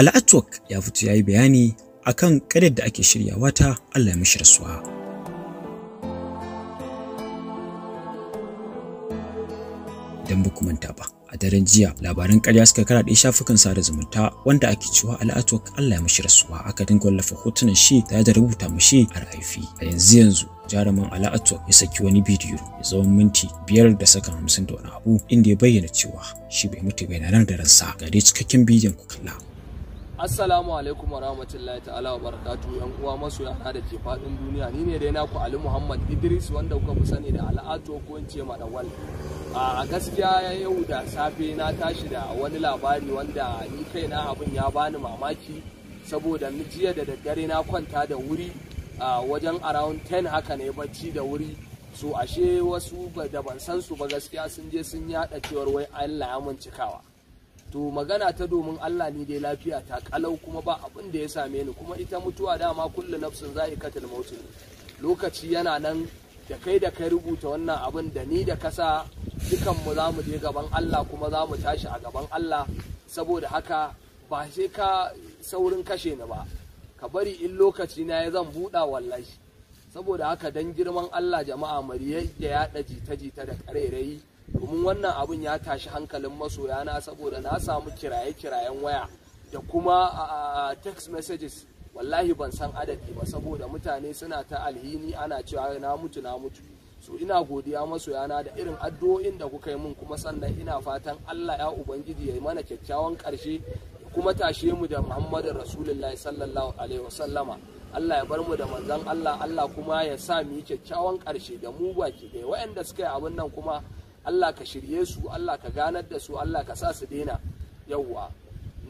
Al'atwak ya fito ya yi bayani akan kadar da ake shiryawa ta Allah ya mishi rasuwa. Dan ba ku manta ba, a daren jiya labaran ƙarya suka da shafukan sada zumunta wanda ake cewa al'atwak Allah ya mishi rasuwa aka dinga wallafa hotunan shi tare da rubuta mishi a ra'ayi. A yanzu yanzu jaruman al'atwak ya saki wani bidiyo ya zama minti biyar da saka hamsin da wani abu inda ya bayyana cewa shi bai mutu bai nan da ransa ga dai cikakken bidiyon ku kalla. Assalamu alaikum wa rahmatullahi ta'ala wa barakatuhu yan uwa masu yana da ke fadin duniya ni ne dai naku Ali Muhammad Idris wanda kuka fi sani da Al'ato ko in ce Madawal a gaskiya yau da safe na tashi da wani labari wanda ni kaina abin ya bani mamaki saboda ni jiya da daddare na kwanta da wuri a wajen around 10 haka ne bacci da wuri so ashe wasu da ban san su ba gaskiya sun je sun yada cewar wai Allah ya mun cikawa to magana ta domin Allah ni dai lafiya ta kalau kuma ba abin da ya same ni kuma ita mutuwa dama kullu nafsin katil mautu lokaci yana nan da kai da kai rubuta wannan abin da ni da kasa dukan mu za mu je gaban Allah kuma za mu tashi a gaban Allah saboda haka ba sai ka saurin kashe ni ba ka bari in lokaci na ya zan buɗa wallahi saboda haka dan girman Allah jama'a mariya da yaɗa jita-jita da ƙarairayi domin wannan abin ya tashi hankalin masoya na saboda na samu kiraye-kirayen waya da kuma text messages wallahi ban san adadi ba saboda mutane suna ta alhini ana cewa na mutu na mutu so ina godiya masoya na da irin addu'o'in da kuka yi min kuma sannan ina fatan Allah ya ubangiji ya yi mana kyakkyawan karshe kuma tashe mu da Muhammadin Rasulullahi sallallahu alaihi wasallama Allah ya bar mu da manzon Allah Allah kuma ya sa mu yi kyakkyawan karshe da mu baki da waɗanda suka yi abin nan kuma Allah ka shirye su Allah ka ganar da su Allah ka sa su daina yawwa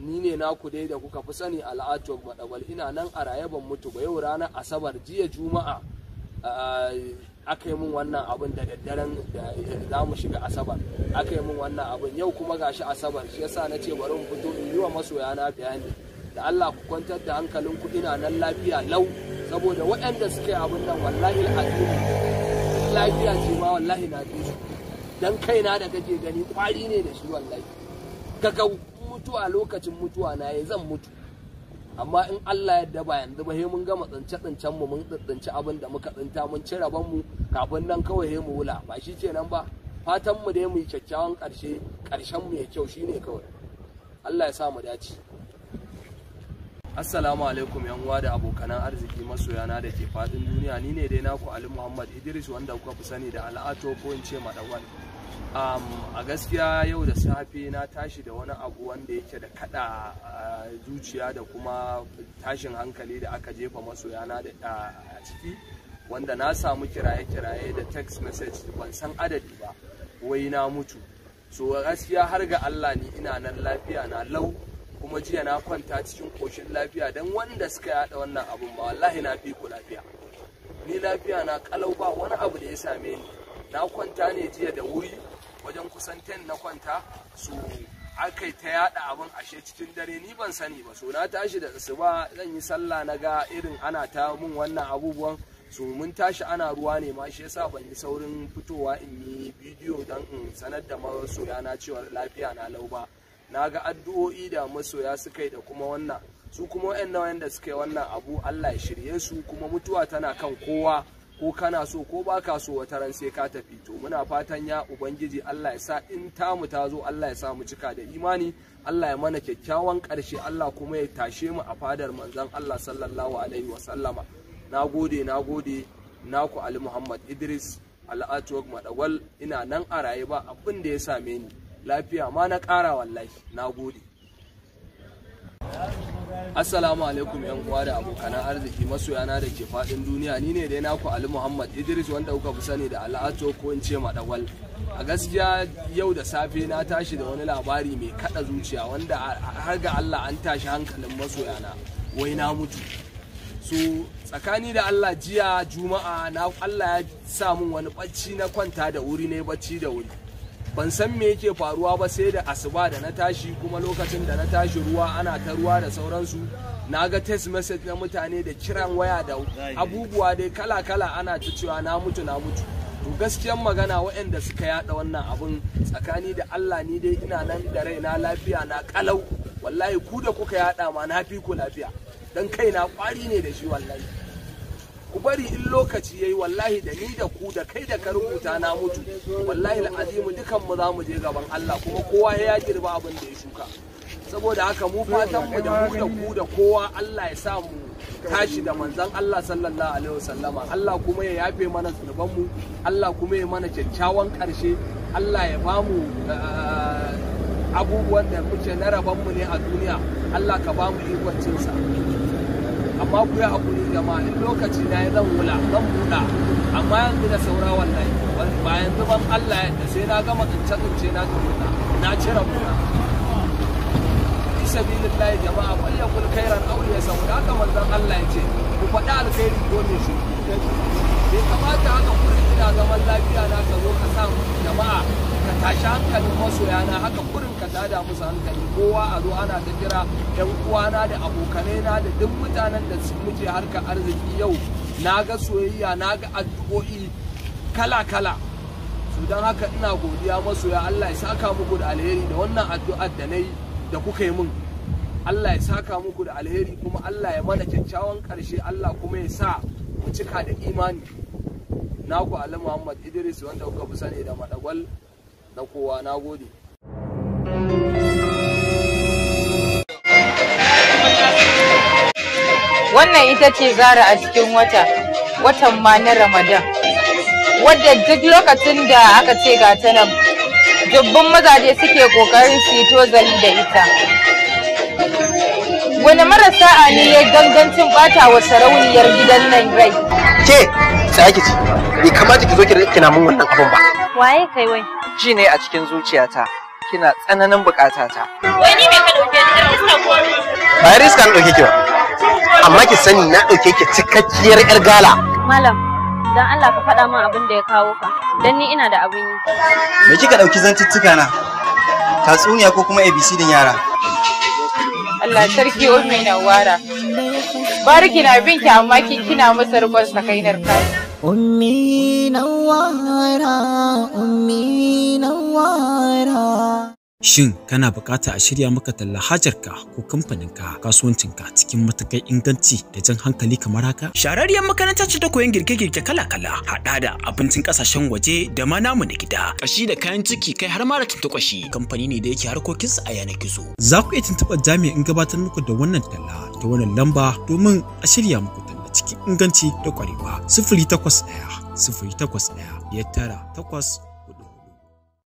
ni ne naku dai da kuka fi sani al'ajog madawal ina nan a raye ban mutu ba yau ranar asabar jiya juma'a ah, aka yi min wannan abin da daddaren za mu shiga asabar aka yi min wannan abin yau kuma gashi asabar shi yasa na ce bari mu fito in yi wa masoya na bayani da Allah ku kwantar da hankalin ku ina nan lafiya lau saboda waɗanda suke abin nan wallahi al'adu lafiya ce ma wallahi na su dan kaina da kake gani kwari ne da shi wallahi kaga mutuwa lokacin mutuwa na ya zan mutu amma in Allah yadda ba yanzu ba mun gama tsince tsincen mu mun tsince abin da muka tsinta mun ci rabon mu kafin nan kawai he mu wula ba shi kenan ba fatan mu dai mu yi kyakkyawan karshe karshen mu ya kyau shine kawai Allah ya sa mu dace Assalamu alaikum yan uwa da abokanan arziki masoya na dake fadin duniya ni ne dai naku Ali Muhammad Idris wanda kuka fi sani da Al'ato ko in ce Madawan Um, a gaskiya yau da safe na tashi da wani abu wanda yake da kada zuciya da kuma tashin hankali da aka jefa masoyana da a ciki wanda na samu kiraye-kiraye da text message ban san adadi ba wai na mutu so gaskiya har ga Allah ni ina nan lafiya na lau kuma jiya na kwanta cikin koshin lafiya don wanda suka yada wannan abin ba wallahi na fi ku lafiya ni lafiya na kalau ba wani abu da ya same ni na kwanta ne jiya da wuri wajen kusan ten na kwanta Su aka ta yada abin ashe cikin dare ni ban sani ba so na tashi da ba zan yi sallah na ga irin ana ta mun wannan abubuwan so mun tashi ana ruwa ne ma shi yasa ban yi saurin fitowa in yi bidiyo dan in sanar da masoya na cewa lafiya na lau ba na ga addu'o'i da masoya suka yi da kuma wannan su kuma wayannan wayanda suka yi wannan abu Allah ya shirye su kuma mutuwa tana kan kowa ko kana so ko ba ka so wata ran sai ka tafi to muna fatan ya ubangiji Allah ya sa in tamu ta zo Allah ya sa mu cika da imani Allah ya mana kyakkyawan ƙarshe Allah kuma ya tashe mu a fadar manzon Allah sallallahu alaihi wa sallama nagode nagode naku Ali Muhammad Idris al'atu Madawal ina nan a rayuwa. ba abin da ya same ni lafiya ma na ƙara wallahi nagode Assalamu alaikum yan uwa da abokan arziki masoyana da ke fadin duniya ni ne dai naku Ali Muhammad Idris wanda kuka fi sani da Al'ato ko in ce Madawal. A gaskiya yau da safe na tashi da wani labari mai kada zuciya wanda har ga Allah an tashi hankalin masoyana wai na mutu. So tsakani da Allah jiya Juma'a na Allah ya sa min wani bacci na kwanta da wuri ne bacci da wuri. ban san me yake faruwa ba sai da asuba da na tashi kuma lokacin da na tashi ruwa ana ta ruwa da sauransu na ga test message na mutane da kiran waya da abubuwa dai kala-kala ana ta cewa na mutu na mutu to gaskiyan magana waɗanda suka yada wannan abun tsakani da Allah ni dai ina nan da rai na lafiya na kalau wallahi ku da kuka yada ma na fi ku lafiya dan kai na kwari ne da shi wallahi ku bari in lokaci yayi wallahi da ni da ku da kai da ka rubuta na mutu wallahi al'azimu dukan mu za mu je gaban Allah kuma kowa ya girba abin da ya shuka saboda haka mu fatan mu da mu da ku da kowa Allah ya sa mu tashi da manzon Allah sallallahu alaihi wasallama Allah kuma ya yafe mana zunuban mu Allah kuma ya mana kyakkyawan karshe Allah ya ba mu eh, abubuwan da muke na mu ne a duniya Allah ka ba mu ikon cinsa amma ku yi hakuri jama'a in lokaci na yi zan wula zan buɗa amma yanzu da saura wallahi ba yanzu ban Allah yadda sai na gama tsince tsince na tsinta na cire buɗa fi sabilillahi jama'a bal yakul aure aw saboda haka manzon Allah ya ce ku faɗi alkhairi ko ne shi bai kamata haka kullum ina zaman lafiya na ka zo ka sa jama'a tashi hankalin yana haka kurin ka tada musu hankali kowa a zo ana ta kira yan uwana da abokanai na da duk mutanen da su muke harka arziki yau na ga soyayya na ga addu'o'i kala kala su don haka ina godiya masoya Allah ya saka muku da alheri da wannan addu'ar da nayi da kuka yi min Allah ya saka muku da alheri kuma Allah ya mana kyakkyawan karshe Allah kuma ya sa mu cika da imani naku Ali Muhammad Idris wanda kuka fi sani da Madagwal na kowa na gode wannan ita ce zara a cikin wata watan ma na ramadan wadda duk lokacin da aka ce ga ta nan dubbin mazaje suke kokarin su zali tozali da ita wani marasa a ne ya gangancin bata wa sarauniyar gidan nan rai ke sai ake ci bai kamata ki zo kina mun wannan abin ba Waye kai wai? Ji ne a cikin zuciyata. Kina tsananin bukatata. Wai ni ne ka dauke ni da iska ko ni? Ba iska na dauke ki ba. Amma ki sani na dauke ki cikakkiyar yar gala. Malam, dan Allah ka faɗa min abin da ya kawo ka. Dan ni ina da abin yi. Me kika dauki zantuttuka na? Tatsuniya ko kuma ABC din yara? Allah sarki ummi na wara. Bariki na binki amma kin kina masa rubar sakainar kai. ummi nawara ummi nawara Shin kana bukata a shirya maka talla ka ko kamfaninka kasuwancinka cikin matakai inganci da jan hankali kamar haka? Shararriyar makaranta ce ta koyon girke-girke kala-kala, haɗa da abincin ƙasashen waje da ma namu na gida, ƙashi da kayan ciki kai har ma da tuntuƙashi. Kamfani ne da yake harkokin harkokinsa a yanar gizo. Za ku iya tuntuɓar jami'in gabatar muku da wannan talla ta wannan lamba domin a shirya muku cikin inganci da ƙwarewa. Sifili takwas ɗaya, sifili takwas ɗaya, ya tara, takwas